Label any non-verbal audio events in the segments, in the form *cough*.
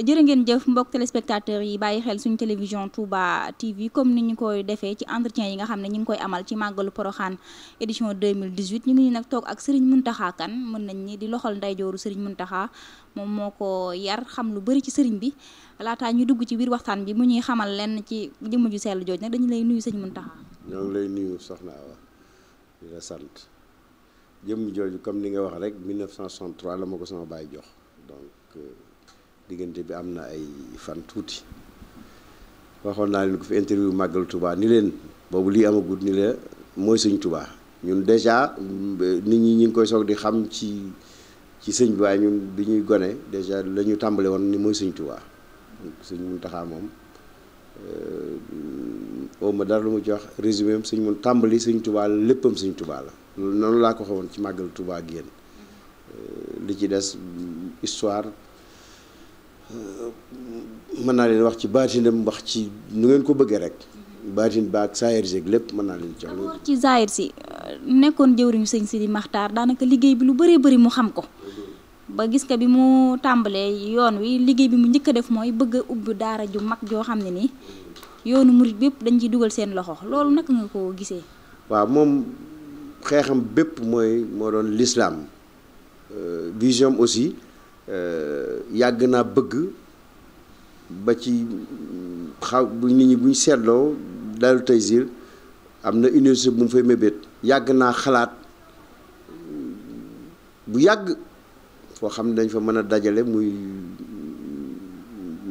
jërë ngeen jëf mbokk téléspectateurs yi bàyyi xel suñu télévision Touba TV comme ni ñu koy defee ci entretien yi nga xam ne ñu ngi koy amal ci màggalu Poroxaan édition 2018 ñu ngi nii nag toog ak Serigne Mountakha Kane mën nañ ni di loxol ndeyjooru mun Mountakha moom moo ko yar xam lu bari ci Serigne bi laataa ñu dugg ci biir waxtaan bi mu ñuy xamal lenn ci jëmm ju sell jooj nag dañu lay nuyu sëñ Mountakha. ñoo ngi lay nuyu soxna Awa la sant jëmm jooju comme ni nga wax rek 1963 la ma ko sama baay jox donc. Euh, diggante bi am na ay fan tuuti waxoon naa leen ko fi interview màggal tubaa ni leen boobu lii amagut ni la mooy sëñ Touba ñun dèjà nit ñi ñu ngi koy soog di xam ci ci sëñ bi waaye ñun bi ñuy gone dèjà la ñu tàmbale woon ni mooy sëñ Touba donc sëñ Mountakha moom oo euh, ma dara lu mu jox résumé am mun tàmbali sëñ Touba léppam sëñ Touba la noonu laa ko xawoon ci màggal tubaa ak yéen euh, li ci des histoire mën naa leen wax ci baatinam wax ci nu ngeen ko bëggee rek baatin baak saayir si lépp mën naa leen jox loolu ci saayir si euh, nekkoon jëwriñu sëñ Sidi Maxtaar daanaka liggéey bi lu bëree bëri mu xam ko ba gis nga bi mu tàmbalee yoon wi liggéey bi mu njëkk a def mooy bëgg a ubbi daara ju mag joo xam ne nii yoonu murit bépp dañ ci dugal seen loxo loolu naka nga ko gisee waaw moom xeexam bépp mooy moo doon l'islam euh, vision aussi Euh, yàgg naa bëgg ba ci xaw bu nit ñi buñ seetloo Daaru Taysir am na université bu mu fay mébét yàgg naa xalaat bu yàgg foo xam ne dañ fa mën a dajale muy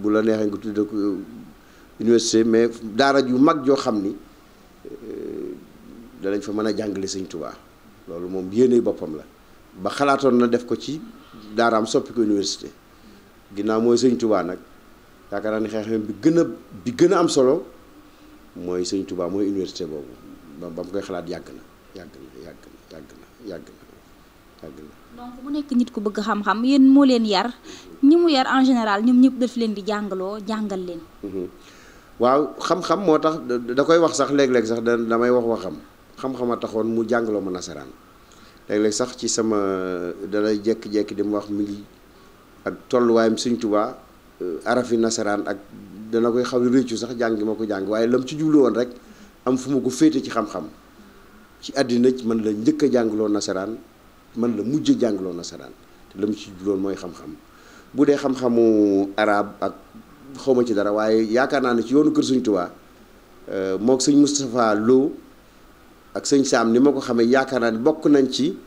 bu la neexee nga tudde ko université mais daara ju mag joo xam ni euh, danañ fa mën a jàngale Sëñ Tuubaa loolu moom yéene boppam la ba xalaatoon na def ko ci daaraam soppi ko université ginnaaw mooy sëñ tubaa nag yaakaar naa ne xeex bi gën a bi gën a am solo mooy sëñ tubaa mooy université boobu ba ba mu koy xalaat yàgg na yàgg na yàgg na yàgg na yàgg na yàgg na. donc mu nekk nit ku bëgg xam-xam yéen moo leen yar ñi mu yar en général ñoom ñëpp daf leen di jàngaloo jàngal leen. Mm-hmm. waaw xam-xam moo tax da koy wax sax léeg-léeg sax da damay wax waxam xam-xam a taxoon mu jàngaloo ma nasaraan. léeg-léeg sax ci sama dalay jékki-jékki di mu wax mi ngi ak tolluwaayam Sëñ Tuubaa euh, arafi nasaraan ak dana koy xaw réccu sax jàng ma ko jàng waaye lam ci jublu woon rek am fu ma ko féete ci xam-xam ci àddina man la njëkk a jàngloo nasaraan man la mujj jàngloo nasaraan te lam ci jublu mooy xam-xam bu dee xam-xamu arab ak xaw ma ci dara waaye yaakaar naa ne ci yoonu kër Sëñ Tuubaa euh, mook Sëñ Moustapha loo ak sëñ Saam ni ma ko xamee yaakaar naa ne bokk nañ ci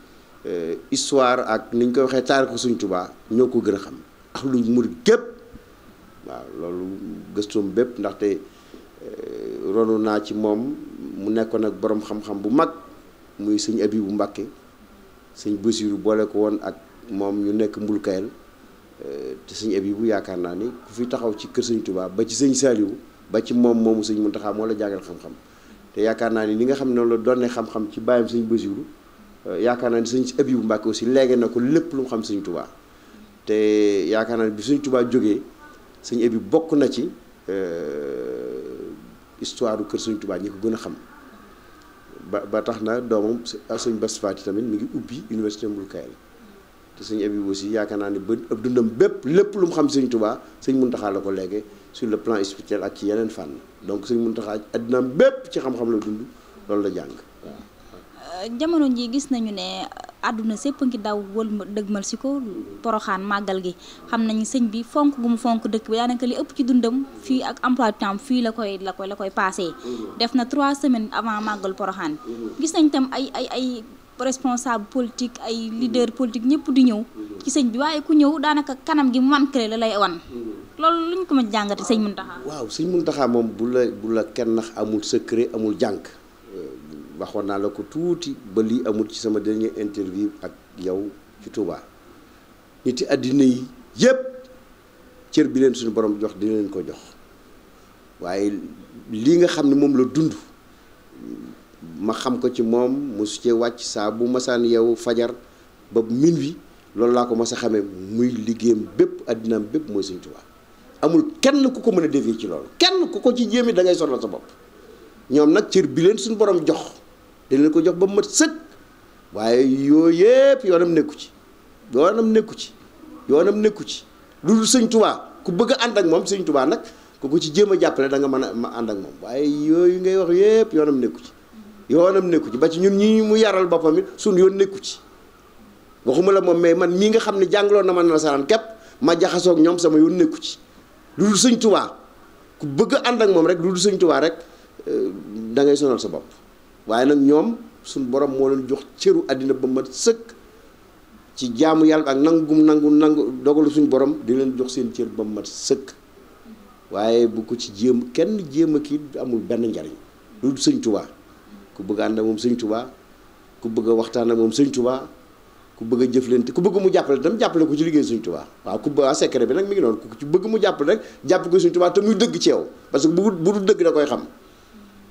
eh, histoire ak ni ñu koy waxee taarixu sëñ tubaa ñoo ko gën a xam ak lu murit gépp waaw loolu gëstoom bépp ndaxte eh, ronu naa ci moom mu nekkoon ak boroom xam-xam bu mag muy sëñ bu Mbàkke sëñ Basiiru boole ko woon ak moom ñu nekk mbul kayal eh, te sëñ Abibu yaakaar naa ni ku fi taxaw ci kër sëñ Tuubaa ba ci sëñ Saaliwu ba ci moom moomu sëñ Muntaxaa moo la jàngal xam-xam te yaakaar naa ni li nga xam ne la doon ne xam-xam ci bàyyam sëñ Basiru euh, yaakaar naa ni sëñ bu Mbàkke aussi léegi na ko lépp lu mu xam sëñ Tuubaa te yaakaar naa ni bi suñ tubaa jógee sëñ Abibu bokk na ci euh, histoire du kër sëñ Tuubaa ñi ko gën a xam ba ba tax na doomam sëñ Bass Faty tamit mu ngi ubbi université Mboul Kayola te sëñ Abibu aussi yaakaar naa ne bë ëpp dundam lépp lu mu xam suñ sëñ Touba sëñ Muntaxa la ko léegi su le plan spirituel ak ci yeneen fànn donc sëñ Muntaxa addinaam bépp ci xam-xam la dund loolu la jàng euh, jamono ji gis nañu ne àdduna sépp ngi daw wëlma dëgmal si ko poroxaan màggal gi xam nañu sëñ bi fonk gu mu fonk dëkk bi daanaka li ëpp ci dundam fii ak emploi fii la koy la koy la koy passé. Mm-hmm. def na trois semaines avant màggal poroxaan. Mm-hmm. gis nañ tam ay ay ay. responsable politique ay leader politique ñëpp di ñëw ci sëñ bi waaye ku ñëw daanaka kanam gi manqué la lay wan loolu luñ ko mën jàngate sëñ Muntaxa waaw sëñ mun Muntaxa moom bu la kenn nax amul secret amul jànk euh, waxoon naa la ko tuuti ba lii amul ci sama dernier interview ak yow ci Touba niti àddina yi yëpp cër bi leen suñu borom jox dina leen ko jox waaye lii nga xam ne moom la dund ma xam ko ci moom mosu cee wàcc saa bu masaan yow fajar ba minuit loolu laa ko mas a xamee muy liggéeyam bépp addinaam bépp mooy Sëñ Tuubaa amul kenn ku ko mën a defee ci loolu kenn ku ko ci jéemi da ngay sonal sa bopp ñoom nag cër bi leen suñu borom jox dañ ko jox ba mu mat sëkk waaye yooyu yëpp yoonam nekku ci yoonam nekku ci yoonam nekku ci lu dul Sëñ Tuubaa ku bëgg ànd ak moom Sëñ Tuubaa nag ku ko ci jéem a jàppale danga nga mën a ànd ak moom waaye yooyu ngay wax yëpp yoonam nekku ci yoonam nekku ci ba ci ñun ñi mu yaral boppam it suñu yoon nekku ci waxuma la moom mais man mii nga xam ne jàngaloon na ma nasaraan képp ma jaxasoog ñoom sama yoon nekku ci lu dul sëñ ku bëgg ànd ak moom rek lu dul sëñ tubaa rek euh, da ngay sonal sa bopp waaye nag ñoom suñ borom moo jox cëru àddina ba mat sëkk ci jaamu yàlla ak nangum nangu nangu dogalu suñ borom di leen jox seen cër ba mat sëkk waaye bu ci jéem kenn jéem a kii amul benn njariñ lu sëñ tubaa ku bëgg ànd moom sëñ Tuubaa ku bëgg a waxtaan moom sëñ Tuubaa ku bëgg a jëflante ku bëgg mu jàppale tam jàppale ko ci liggéey sëñ Tuubaa waaw ku bëgg secret bi nag mi ngi noonu ku ci bëgg mu jàpp ko sëñ Tuubaa te muy ci yow parce que bu bu dul dëgg da koy xam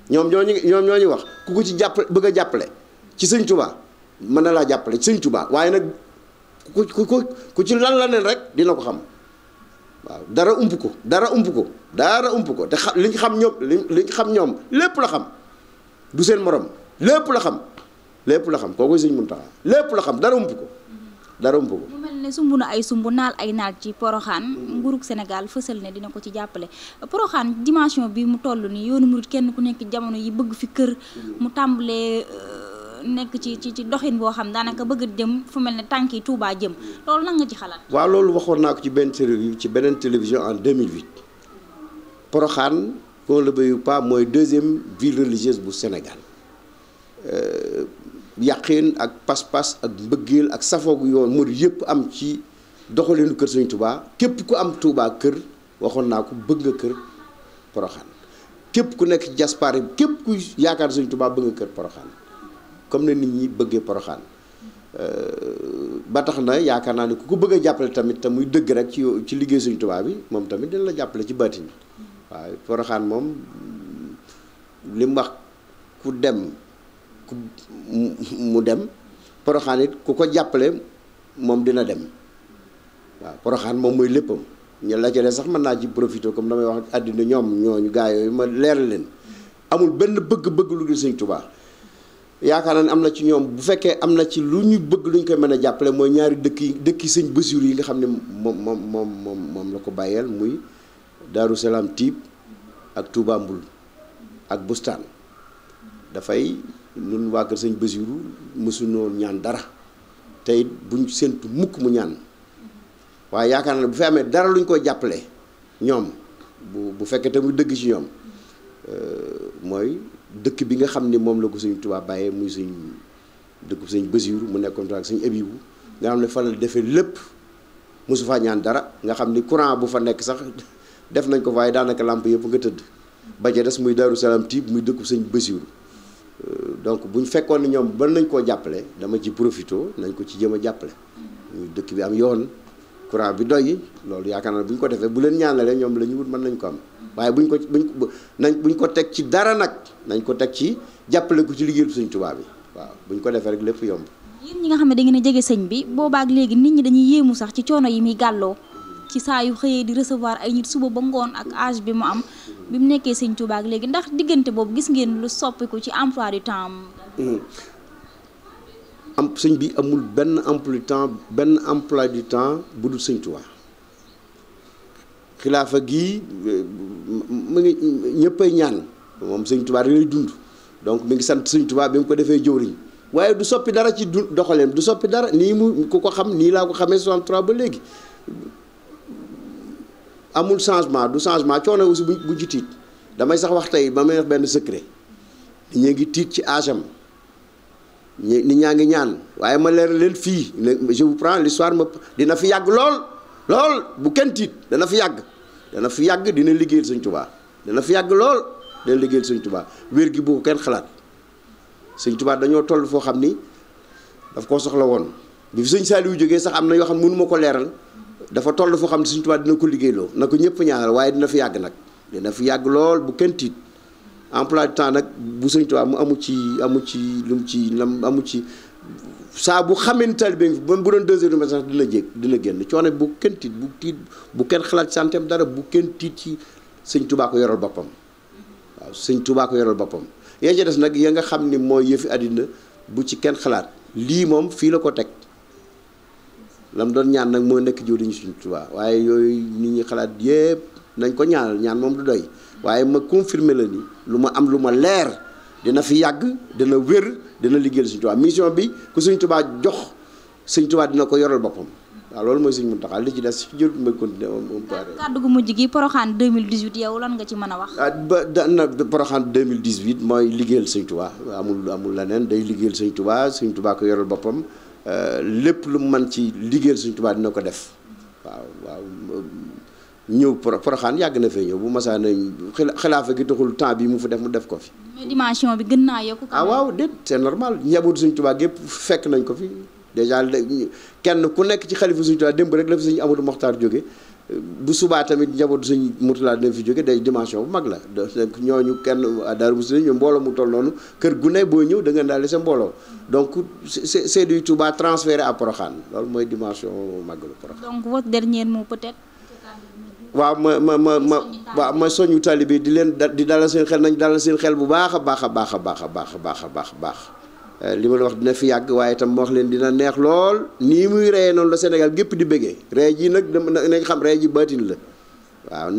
ñoom ñooñu ñoom ñooñu wax ku ko ci jàppale bëgg a jàppale ci sëñ Tuubaa mën na laa jàppale ci sëñ Tuubaa waaye nag ku ku ku ci lan la nen rek dina ko xam waaw dara ump ko dara ump ko dara ump ko te xam li ñu xam ñoom li li xam ñoom lépp la xam du seen morom lépp la xam lépp la xam kooku sëñ Muntaxa lépp la xam dara ump ko dara ump ko. mu mel ne sumb na ay sumb naal ay naal ci poroxaan nguurug Sénégal fësal ne dina ko ci jàppale poroxaan dimension bi mu toll nii yoonu murit kenn ku nekk jamono yi bëgg fi kër mu tàmbalee. Euh, nekk ci ci ci doxin boo xam daanaka bëgg jëm fu mel ne tànki yi jëm loolu nan nga ci xalaat. waaw loolu waxoon naa ko ci benn télé ci beneen télévision en 2008 Porokhane Pont Le Bayoupa mooy deuxième ville religieuse bu Sénégal euh, yàqeen ak pas-pas ak mbëggeel ak safoogu yoon murid yëpp am ci doxalinu kër Sëñ tubaa képp ku am Touba kër waxoon naa ko bëgg nga kër Poroxaan képp ku nekk ci jaspare képp ku yaakaar Sëñ Touba bëgg nga kër Poroxaan comme ne nit ñi bëggee Poroxaan euh, ba tax na yaakaar naa ne ku ko bëgg a jàppale tamit te muy dëgg rek ci ci liggéey Sëñ tubaa bi moom tamit dina la jàppale ci baatin waa poroxaan moom li wax ku dem ku mu dem poroxaan it ku ko jàppale moom dina dem waa poroxaan moom mooy léppam ñu la ca sax mën naa ci profité comme damay wax àddina ñoom ñooñu gaa yooyu ma leeral leen amul benn bëgg-bëgg lu dul Sëñ Tuubaa yaakaar naa ne am na ci ñoom bu fekkee am na ci lu ñu bëgg lu ñu koy mën a jàppale mooy ñaari dëkk yi dëkk sëñ Basiru yi nga xam ne moom moom moom moom la ko bàyyeel muy Daaru Salaam Tiib ak Touba ak Bustaan dafay nun waa kër sëñ Basiru mësunoo ñaan dara tey buñ séntu mukk mu ñaan waaye yaakaar na bu fi amee dara luñ koy jàppale ñoom bu bu fekkee te muy dëgg ci ñoom euh, mooy dëkk bi nga xam ni moom la ko sëñ Touba bàyyee muy sëñ dëkk sëñ Basiru mu nekkoon ak sëñ Abibu nga xam ne fa la defee lépp mësu faa ñaan dara nga xam ni courant bu fa nekk sax *laughs* def nañ ko waaye daanaka làmp yëpp nga tëdd ba ca des muy Daaru Salaam tiib muy dëkku sëñ Basiiru euh, donc bu ñu fekkoon ne ñoom ban nañ koo jàppale dama ci profité nañ ko ci jëm a jàppale muy dëkk bi am yoon courant bi doy loolu yaakaar naa bu ñu ko defee bu leen ñaanalee ñoom la ñu wut mën nañ ko am waaye buñ ko buñ nañ buñ ko teg ci dara nag nañ ko teg ci jàppale ko ci liggéey bi sëñ Tuubaa bi waaw buñ ko defee rek lépp yomb. yéen ñi nga xam ne da ngeen a sëñ bi boobaak léegi nit ñi dañuy yéemu sax ci coono yi muy gàlloo. ci saa yu xëyee di recevoir ay nit suba ba ngoon ak âge bi mu am bi mu nekkee sëñ Tuubaa ak léegi ndax diggante boobu gis ngeen lu soppiku ci emploi du temps hmm. am sëñ bi amul benn emploi du temps benn emploi du temps bu dul sëñ Tuubaa xilaafa gi mu ngi ñëppay ñaan moom sëñ Tuubaa rek lay dund donc mi ngi sant sëñ Tuubaa bi mu ko defee jëwriñ waaye du soppi dara ci doxaleem du soppi dara nii mu ku ko xam nii laa ko xamee 63 ba léegi amul changement du changement coono aussi bu bu ci tiit damay sax wax tey ba may wax benn secret ñu ngi tiit ci âge am ñu nit ñaa ngi ñaan waaye ma leer leen fii je vous prends l'histoire ma dina fi yàgg lool lool bu kenn tiit dana fi yàgg dana fi yàgg dina liggéeyal Sëñ Tuubaa dana fi yàgg lool dina liggéeyal Sëñ tubaa wér gi bu kenn xalaat Sëñ Tuubaa dañoo toll foo xam ni daf koo soxla woon bi fi Sëñ Saaliwu jógee sax am na yoo xam ne mënu ko leeral dafa toll foo xam ne Sëriñ Tuubaa dina ko liggéeyloo na ko ñëpp ñaanal waaye dina fi yàgg nag dina fi yàgg lool bu kenn tiit emploi du temps nag bu Sëriñ Tuubaa amu ci amu ci lu ci lam amu ci saa bu xamee taalibe bi bu doon deux heures du matin sax dina jéeg dina génn coono bu kenn tiit bu tiit bu kenn xalaat ci santeem dara bu kenn tiit ci Sëriñ Tuubaa ko yoral boppam waaw Sëriñ Tuubaa ko yoral boppam yaa ci des nag ya nga xam ni mooy yëfi àddina bu ci kenn xalaat lii moom fii la ko teg lam doon ñaan nag moo nekk jiw ñu suñu Tuubaa waaye yooyu nit ñi xalaat yépp nañ ko ñaanal ñaan moom du doy waaye ma confirmer la ni lu ma am lu ma leer dina fi yàgg dina wér dina liggéeyal suñ Tuubaa mission bi ku suñ Tuubaa jox suñ Tuubaa dina ko yoral boppam waaw loolu li ci des si jur bi may continuer moom moom pare kàddu gu mujj lan nga ci mën a wax ah, ba dana Poroxaan 2018 mooy liggéeyal suñ Tuubaa amul amul leneen day liggéeyal suñ Tuubaa suñ Tuubaa ko yoral boppam Euh, lépp lu man ci liggéeyal Sëriñ Tuubaa dina ko def waaw waaw mm, ñëw Porokhane yàgg na fee ñëw bu masaa na xilaafa gi taxul temps bi mu fa def mu def ko fi. dimension bi gën naa yokk. ah waaw déet c'est normal njabootu Sëriñ Tuubaa gépp fekk nañ ko fi dèjà kenn ku nekk ci xalifa Sëriñ Tuubaa démb rek la fi Sëriñ Amadou Mokhtar jóge bu subaa tamit njabootu sëñ Murtala dina fi jóge day dimension bu mag la donc ñooñu kenn Darou Mouhty ñu mbooloo mu toll noonu kër gu ne boo ñëw da nga daal sa mbooloo donc c'est c'est du Touba transféré à Porokhane loolu mooy dimension màggalu Porokhane. donc votre dernier mot waaw ma ma ma ma waaw ma soñu taalibe bi di leen da di dalal seen xel nañ dalal seen xel bu baax a baax a baax a baax a baax a baax a baax. Euh, li ma la wax dina fi yàgg waaye itam ma wax leen dina neex lool nii muy reyee noonu la Sénégal gépp di bëggee rey ji nag nañ xam ree ji baatin la waaw